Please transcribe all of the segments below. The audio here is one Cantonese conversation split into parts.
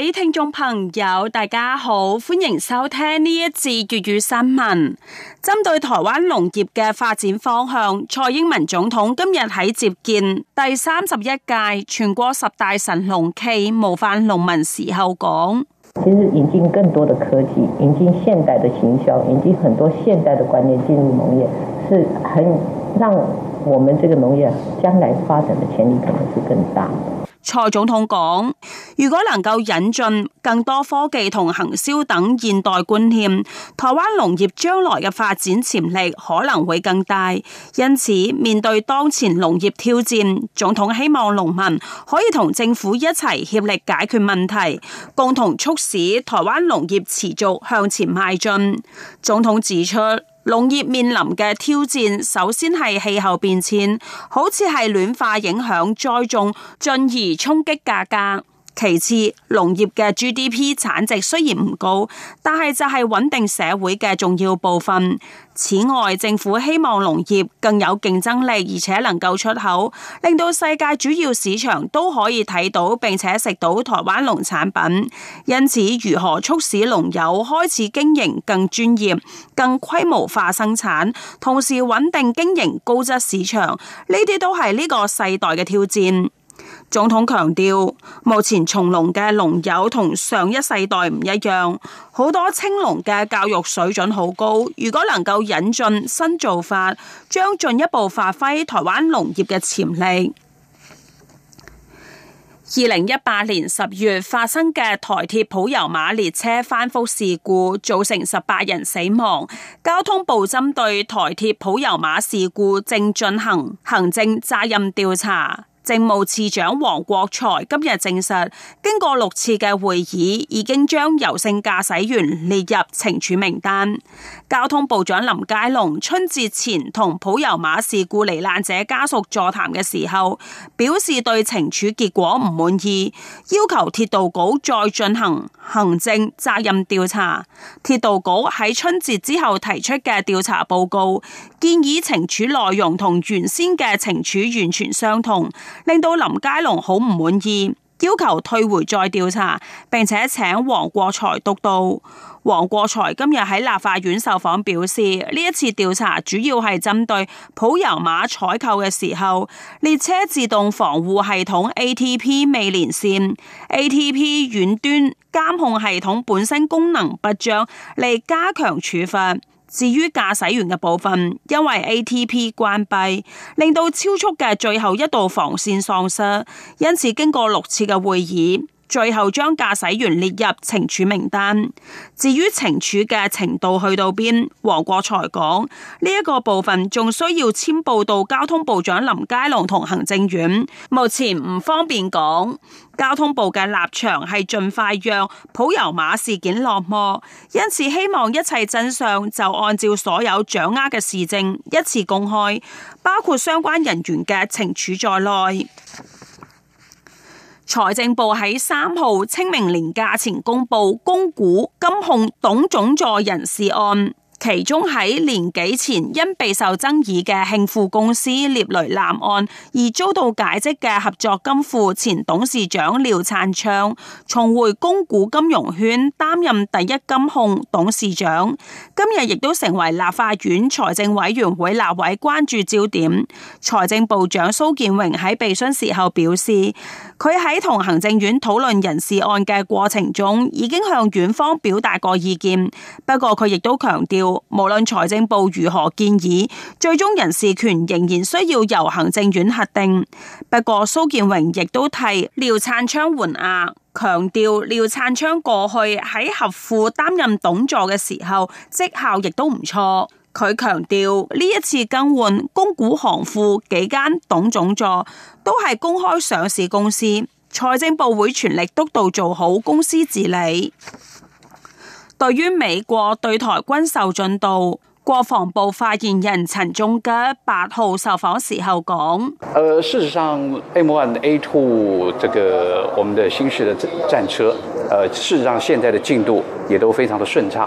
各位聽眾朋友，大家好，歡迎收聽呢一節粵語新聞。針對台灣農業嘅發展方向，蔡英文總統今日喺接見第三十一屆全國十大神農暨模範農民時候講，其實引進更多的科技，引進現代的行銷，引進很多現代的觀念進入農業，是很讓。我們這個農業將來發展的潛力可能會更大。蔡總統講：如果能夠引進更多科技同行銷等現代觀念，台灣農業將來嘅發展潛力可能會更大。因此，面對當前農業挑戰，總統希望農民可以同政府一齊協力解決問題，共同促使台灣農業持續向前邁進。總統指出。農業面臨嘅挑戰，首先係氣候變遷，好似係暖化影響栽種，進而衝擊價格。其次，農業嘅 GDP 產值雖然唔高，但係就係穩定社會嘅重要部分。此外，政府希望農業更有競爭力，而且能夠出口，令到世界主要市場都可以睇到，並且食到台灣農產品。因此，如何促使農友開始經營更專業、更規模化生產，同時穩定經營高質市場，呢啲都係呢個世代嘅挑戰。總統強調，目前從農嘅農友同上一世代唔一樣，好多青農嘅教育水準好高。如果能夠引進新做法，將進一步發揮台灣農業嘅潛力。二零一八年十月發生嘅台鐵普悠瑪列車翻覆事故，造成十八人死亡。交通部針對台鐵普悠瑪事故正進行行政責任調查。政務次長王國材今日證實，經過六次嘅會議，已經將尤姓駕駛員列入懲處名單。交通部長林佳龍春節前同普悠瑪事故罹難者家屬座談嘅時候，表示對懲處結果唔滿意，要求鐵道局再進行行政責任調查。鐵道局喺春節之後提出嘅調查報告，建議懲處內容同原先嘅懲處完全相同。令到林佳龍好唔滿意，要求退回再調查，並且請黃國財督導。黃國財今日喺立法院受訪表示，呢一次調查主要係針對普悠瑪採購嘅時候，列車自動防護系統 ATP 未連線，ATP 遠端監控系統本身功能不彰嚟加強處罰。至於駕駛員嘅部分，因為 ATP 關閉，令到超速嘅最後一道防線喪失，因此經過六次嘅會議。最後將駕駛員列入懲處名單。至於懲處嘅程度去到邊，黃國才講呢一個部分仲需要簽報到交通部長林佳龍同行政院，目前唔方便講。交通部嘅立場係盡快讓普悠瑪事件落幕，因此希望一切真相就按照所有掌握嘅事證一次公開，包括相關人員嘅懲處在內。財政部喺三號清明連假前公布公股金控董總座人事案。其中喺年幾前因備受爭議嘅慶富公司獵雷艦案而遭到解職嘅合作金庫前董事長廖燦昌，重回公股金融圈擔任第一金控董事長，今日亦都成為立法院財政委員會立委關注焦點。財政部長蘇建榮喺備詢時候表示，佢喺同行政院討論人事案嘅過程中，已經向院方表達過意見，不過佢亦都強調。無論財政部如何建議，最終人事權仍然需要由行政院核定。不過蘇建榮亦都替廖燦昌緩頰，強調廖燦昌過去喺合庫擔任董座嘅時候，績效亦都唔錯。佢強調呢一次更換公股行庫幾間董總座，都係公開上市公司，財政部會全力督導做好公司治理。對於美國對台軍售進度，國防部發言人陳中吉八號受訪時候講：呃，事實上，M one A two 這個我們的新式的戰車。呃，事實上現在的進度也都非常的順暢。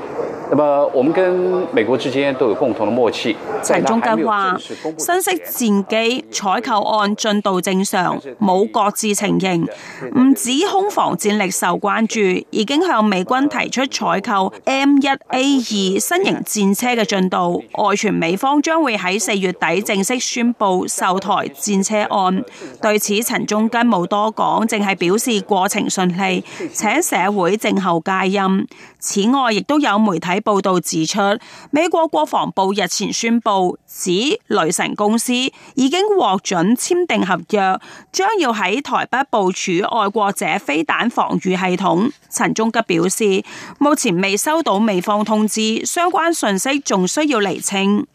那麼我們跟美國之間都有共同的默契。陳忠根話，新式戰機採購案進度正常，冇擱置情形。唔止空防戰力受關注，已經向美軍提出採購 M 一 A 二新型戰車嘅進度。外傳美方將會喺四月底正式宣布售台戰車案。對此，陳忠根冇多講，淨係表示過程順利，請。社會靜候佳音。此外，亦都有媒體報道指出，美國國防部日前宣布，指雷神公司已經獲准簽訂合約，將要喺台北部署愛國者飛彈防禦系統。陳中吉表示，目前未收到美方通知，相關信息仲需要釐清。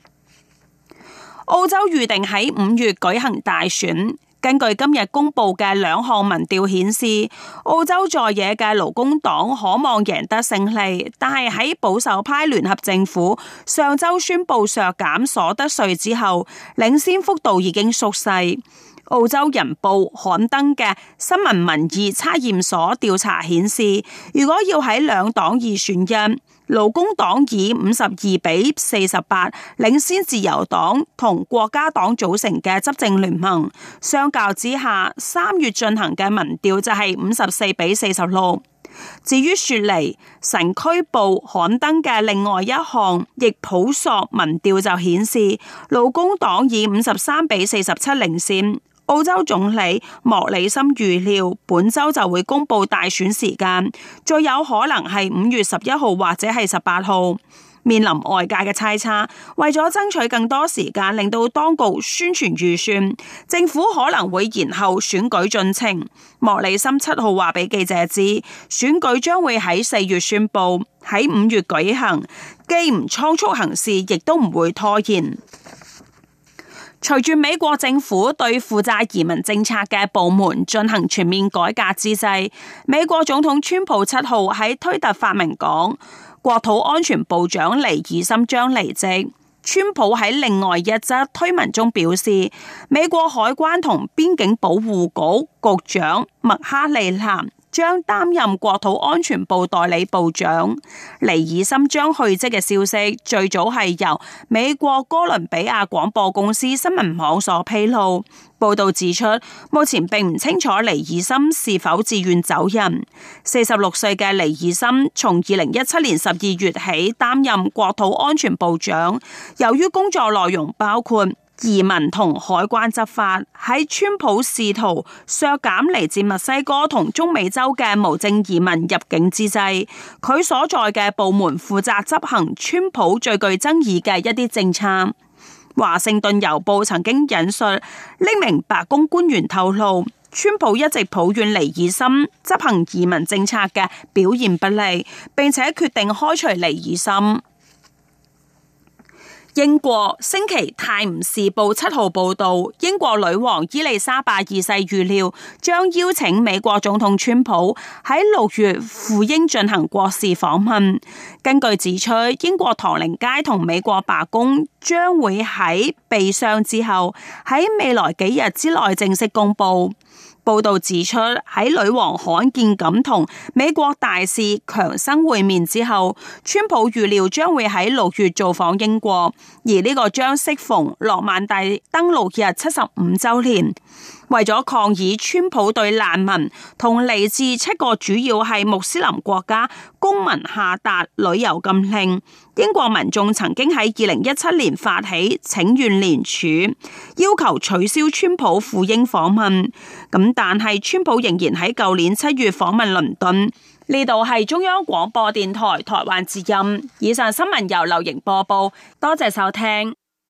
澳洲預定喺五月舉行大選。根據今日公布嘅兩項民調顯示，澳洲在野嘅勞工黨可望贏得勝利，但係喺保守派聯合政府上周宣布削減所得稅之後，領先幅度已經縮細。澳洲人報刊登嘅新聞民意測驗所調查顯示，如果要喺兩黨二選一，勞工黨以五十二比四十八領先自由黨同國家黨組成嘅執政聯盟。相較之下，三月進行嘅民調就係五十四比四十六。至於雪梨城區報刊登嘅另外一項易普索民調就顯示，勞工黨以五十三比四十七領先。澳洲總理莫里森預料本周就會公布大選時間，最有可能係五月十一號或者係十八號。面臨外界嘅猜測，為咗爭取更多時間令到當局宣傳預算，政府可能會延後選舉進程。莫里森七號話俾記者知，選舉將會喺四月宣佈，喺五月舉行，既唔倉促行事，亦都唔會拖延。隨住美國政府對負責移民政策嘅部門進行全面改革之際，美國總統川普七號喺推特發文講，國土安全部長尼爾森將離職。川普喺另外一則推文中表示，美國海關同邊境保護局局長麥哈利南。將擔任國土安全部代理部長。尼爾森將去職嘅消息最早係由美國哥倫比亞廣播公司新聞網所披露。報道指出，目前並唔清楚尼爾森是否自願走人。四十六歲嘅尼爾森從二零一七年十二月起擔任國土安全部長，由於工作內容包括。移民同海關執法喺川普試圖削減嚟自墨西哥同中美洲嘅無證移民入境之際，佢所在嘅部門負責執行川普最具爭議嘅一啲政策。華盛頓郵報曾經引述匿名白宮官員透露，川普一直抱怨尼爾森執行移民政策嘅表現不利，並且決定開除尼爾森。英國《星期泰晤士報》七號報道，英國女王伊麗莎白二世預料將邀請美國總統川普喺六月赴英進行國事訪問。根據指出，英國唐寧街同美國白宮將會喺備商之後喺未來幾日之內正式公布。報道指出，喺女王罕見咁同美國大使強生會面之後，川普預料將會喺六月造訪英國，而呢個將適逢諾曼第登陸日七十五周年。為咗抗議川普對難民同嚟自七個主要係穆斯林國家公民下達旅遊禁令，英國民眾曾經喺二零一七年發起請願聯署，要求取消川普赴英訪問。咁但係川普仍然喺舊年七月訪問倫敦。呢度係中央廣播電台台灣之音，以上新聞由劉瑩播報，多謝收聽。